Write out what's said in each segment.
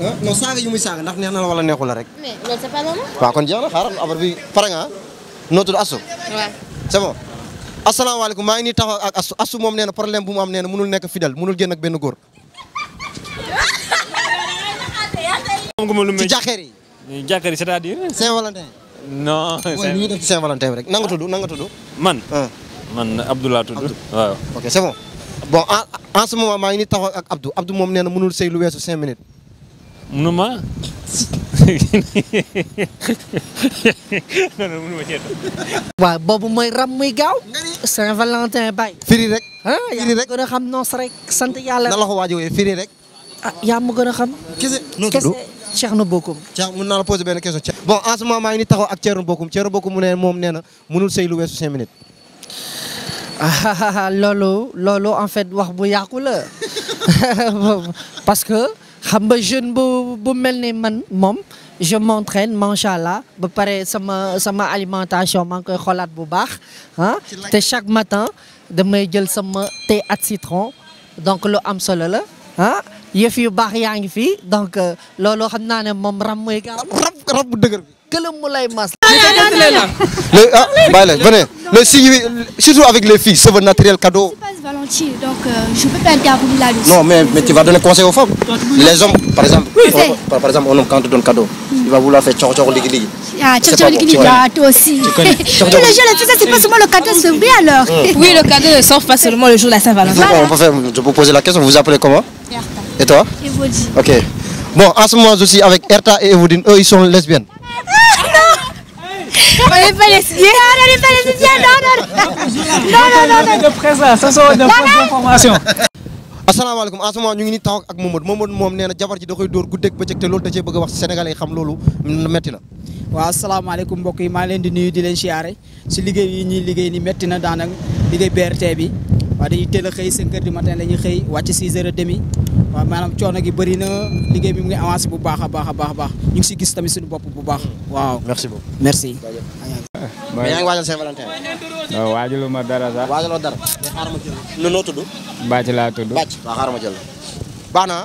non saaga yu muy saaga ndax neex na la wala neexu la rek. mais waaw kon jeex na xaaral affaire bi pare nga noo tudd Asou. waaw c'est bon. maa ngi nii taxaw ak Asou moom nee na problème bu mu am nee na mënul nekk fidèle mënul génn ak benn góor. ci jàkkaar yi. jàkkaar yi c'est-à-dire. Saint-Valentin. non Saint-Valentin ñu rek na nga man man Abdoulaye tudd. waaw ok c'est bon. bon en maa ngi nii ak Abdou Abdou moom nee na mënul sëy lu weesu cinq minutes. munu ma non non boobu mooy ram muy gaaw. Saint-Valentin bay. firi rek. ah yaa ma gën xam noos rek sant yàlla. na la ko waaj a firi rek. ah yaa ma gën a xam. kese noo tudd Thierno Bocoum. Thierno mën naa la poser benn question. bon ak Thierno Bocoum Thierno mu ne moom nee na mënul sëy lu weesu cinq minutes. Ah, loolu loolu en fait wax bu yàqu la parce que. xam nga jeune bu bu mel ni man moom je m'entraîne macha allah ba pare sama sama alimentation maa ngi koy xoolaat bu baax ah te chaque matin may jël sama te ak donc lu am solo la ah yëf yu baax yaa ngi fi donc euh, loolu xam naa ne moom ram mooy gaaw rab rab bu dëgër bi lay mas le ah, signe surtout avec les filles c'est naturel cadeau gentil, donc euh, je peux pas intervenir là-dessus. Non, mais, mais tu vas donner conseil aux femmes. Les hommes, par exemple, oui, on, par, par, exemple, un homme quand tu donne cadeau, hmm. il va vouloir faire tchor tchor ligi ligi. Ah, tchor tchor ligi aussi. Tu connais. Tous les jours, tout pas seulement le cadeau de alors. Mm. le cadeau ne pas seulement le jour de la Saint-Valentin. On peut faire, je poser la question, vous appelez comment Et toi Ok. Bon, en ce moment, je avec Erta de presse la sa soo de presse d'information asalaamaaleykum en ce moment ñu ngi ni taxaw ak Momadou Momadou moom nee na jabar ji da koy dóor guddeeg bëccëg te loolu da cee bëgg a wax sénégalais yi xam loolu metti na waaw asalaamaaleykum mbokk yi maa leen di nuyu di leen siyaare si liggéey yi ñuy liggéey ni metti na daanaka liggéey BRT bi waaw dañuy teel a xëy 5 heures du matin la ñuy xëy wàcc 6 heures et demi waaw maanaam coono gi bëri na liggéey bi mu ngi avancé bu baax a baax a baax a baax ñu ngi si gis tamit suñu bopp bu baax waaw merci beaucoup merci mais yaa ngi waajal Saint Valentin waaw waajaluma dara sax. waajaloo dara. mais xaaral ma jël la. noo tudd. Bàcc laa tudd. Bàcc waaw xaaral ma jël la. baax na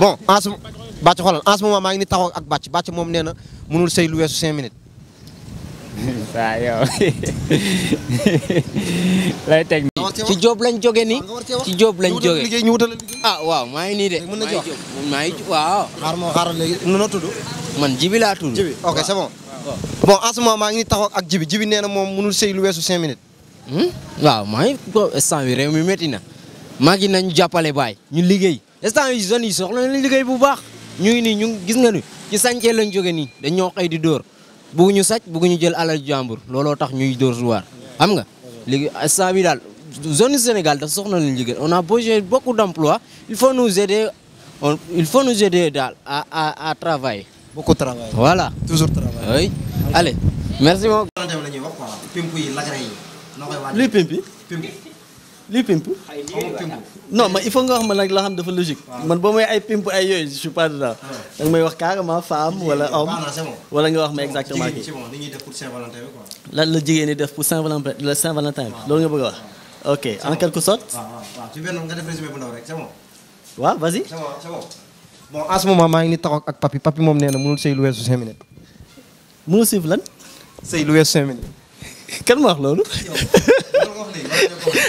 bon en ce Bàcc maa ngi taxaw ak Bàcc Bàcc moom nee na mënul sëy lu weesu cinq minutes. saa yow lay teg nii. ci Diop lañ jóge nii ci Diop lañ jóge. ah maa ngi nii de. mën na jox maa ngi waaw. ma xaaral léegi Jibi laa tudd. bon en maa ngi taxaw ak jibi jibi nee na moom mënul lu weesu cinq minutes. Hmm? waaw maa ngi ko instant bi réew mi métti na maa ngi nañu jàppale baay ñu liggéey instant yi jeunes yi soxla nañu liggéey bu baax ñu ngi nii ñu gis nga ni ci sàncee lañ jóge nii dañoo xëy di dóor bugguñu sàcc bugguñu jël alal jàmbur looloo tax ñuy dóor suwaar xam nga léegi bi daal zone du Sénégal dafa soxla nañu a besoin beaucoup d'emplois il faut nous aider il faut nous aider daal à Beaucoup de travail. Voilà. Toujours travail. Oui. Allez. Merci beaucoup. luy pimpi. pimpi. luy pimpi. non man il faut nga wax ma nag la xam dafa logique. man ba may ay pimp ay yooyu je suis pas dedans. da nga may wax carrément femme wala homme. wala nga wax ma exactement kii. lan la jigéen ñi def pour Saint-Valentin la Saint-Valentin bi loolu nga bëgg a wax. ok en quelque sorte. waaw waaw ci benn nga def résumé bu ndaw rek c'est bon. waaw bon en ce maa ngi ni taxaw ak papi papi moom nee na mënul sëy lu weesu cinq minutes. mënul sëy kan ma loolu.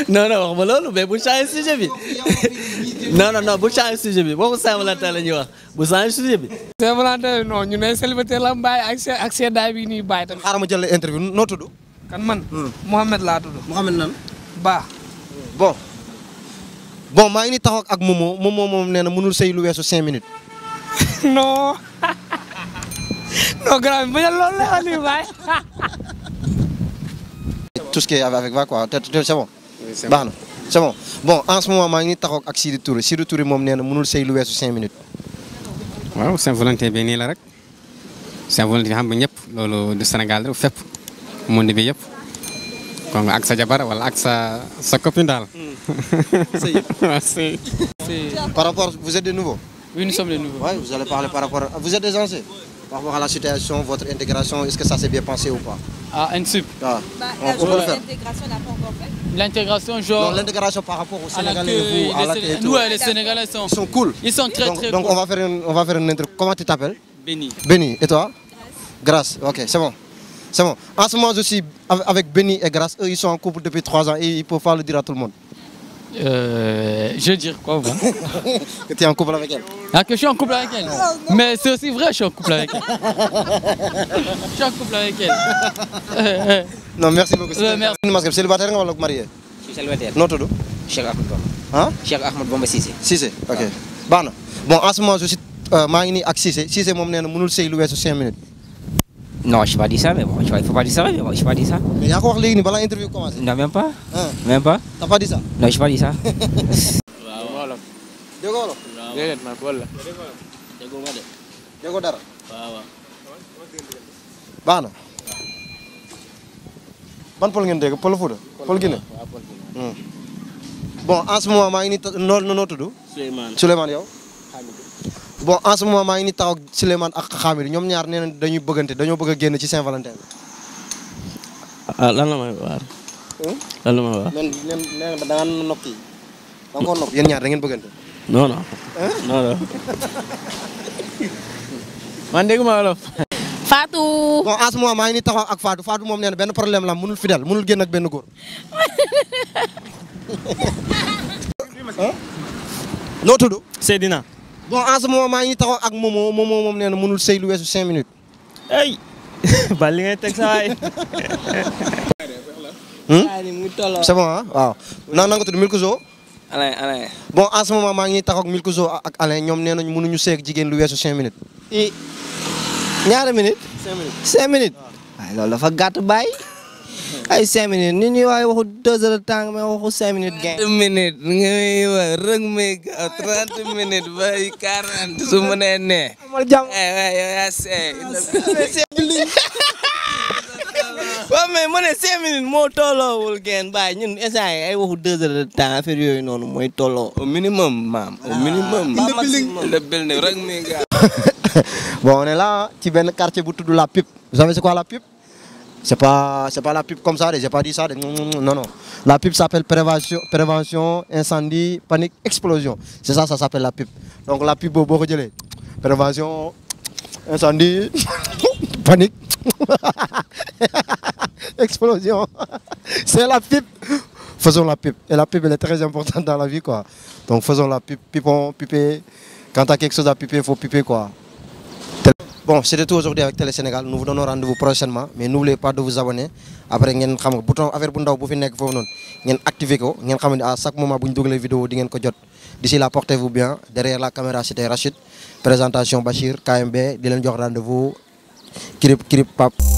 non wax ma loolu mais bu changé sujet bi. non non bu changé sujet bi boobu Saint-Valentin la ñuy wax bu changé sujet bi. Saint-Valentin non ñu ne célibataire la mbaay ak seen ak ñuy bàyyi tamit. xaaral ma jël la interview noo tudd. kan man. Mouhamed laa tudd. Mouhamed nan. Ba. bon maa ngi ni taxaw ak Momo Momo moom nee na mënul sëy lu weesu cinq minutes. non non grave bi loolu la woon baay. tout avec va quoi te maa ngi ni taxaw ak Sidi Touré Sidi Touré moom nee na mënul sëy lu weesu cinq minutes. waaw Saint-Valentin bi nii la rek Saint-Valentin bi xam nga ñëpp loolu du Sénégal rek fépp monde bi yëpp. kon ak sa jabar wala ak sa sa daal. Hmm. par rapport vous êtes des nouveaux. nous sommes des nouveaux. vous allez parler par rapport vous êtes des anciens. par rapport à la situation votre intégration est-ce que ça s'est bien passé ou pas. ah INSIP. waaw l'intégration par rapport aux Sénégalais vous à l'accueil. sont. ils donc on va faire une on comment tu t'appelles. Béni. et toi. Grâce ok c'est bon. C'est bon. En ce moment, je suis avec Benny et Grace. Eux, ils sont en couple depuis trois ans et ils ne peuvent pas le dire à tout le monde. Euh, je veux dire quoi, bon Que tu es en couple avec elle. Ah, que je suis en couple avec elle ah, Mais c'est aussi vrai, je suis en couple avec elle. je suis en couple avec elle. euh, euh. non, merci beaucoup. merci. Tu es célibataire ou marié Je suis célibataire. Non, tout Cheikh Ahmed Bamba. Hein Cheikh Ahmed Bamba Cissé. Cissé, ok. Ah. Bon, en ce moment, je suis. Euh, maa ngi nii ak Cissé Cissé moom nee na mënul sëy lu weesu cinq minutes non je suis pas dit ça mais bon je faut pas dire ça mais bon je wax léegi nii balaa interview commencé. non même pas. même pas. ban pël ngeen dégg pël Fuuta. pël Guinée hmm. bon en ce moment maa ngi nii noo noo tudd. Souleymane Souleymane bon en ce moment maa ngi ni taxaw ak Souleymane ak Khamid ñoom ñaar nee dañuy bëggante dañoo bëgg génn ci Saint-Valentin bi. ah lan la may waar. Hmm? lan la may waar. man man ñaar da bëggante. non man dégg ma wolof. Fatou. bon en ce maa ngi ni taxaw ak Fatou Fatou moom nee benn problème la mënul fidèle mënul génn ak benn góor. noo tudd. Seydina. bon en ce maa ngi taxaw ak Momo Momo moom nee na mënul sëy lu cinq minutes. ay ba li ngay teg hmm? saa yi. bon ah waaw. na nga tudd Milkouzo. Alain Alain. bon en ce moment maa ngi taxaw ak Milkouzo ak Alain ñoom nee nañu mënuñu seeg jigéen lu weesu cinq minutes. i ñaari minutes. cinq minutes cinq minutes. waaw loolu dafa gàtt ay cinq minutes nit ñi waaye waxu deux heures de temps mais waxu cinq minutes gain minutes nga may wax rek may gaaw trente minutes ba quarante su mu nee nee amal jàmm eh, waay yow yaa seey waaw mais mu ne cinq minutes moo tolloowul geen bàyyi ñun instant yi ay waxu deux heures de temps affaire yooyu noonu mooy tolloo au minimum maam au ah. minimum le building rek muy gaaw bon on est là ci benn quartier bu tudd la pipe vous savez c'est quoi la pipe C'est pas c'est pas la pub comme ça, j'ai pas dit ça. Non non. La pub s'appelle prévention prévention incendie, panique, explosion. C'est ça s'appelle la pub. Donc la pub boo ko jëlee prévention incendie, panique, explosion. C'est la pub. Faisons la pub. Et la pub elle est très importante dans la vie quoi. Donc faisons la pub, pipons, piper. Quand t'as quelque chose à piper, faut piper quoi. Bon, c'était tout aujourd'hui avec Télé Sénégal. Nous vous donnons rendez-vous prochainement, mais n'oubliez pas de vous abonner. Après ngeen xam bouton affaire bu ndaw bu fi nekk foofu noonu ngeen activer ko ngeen xam ne à chaque moment bu ñu dugalee vidéo di ngeen ko jot. D'ici là, portez-vous bien. Derrière la caméra, c'était Rachid. Présentation Bachir, KMB di leen jox rendez Kirip kirip pap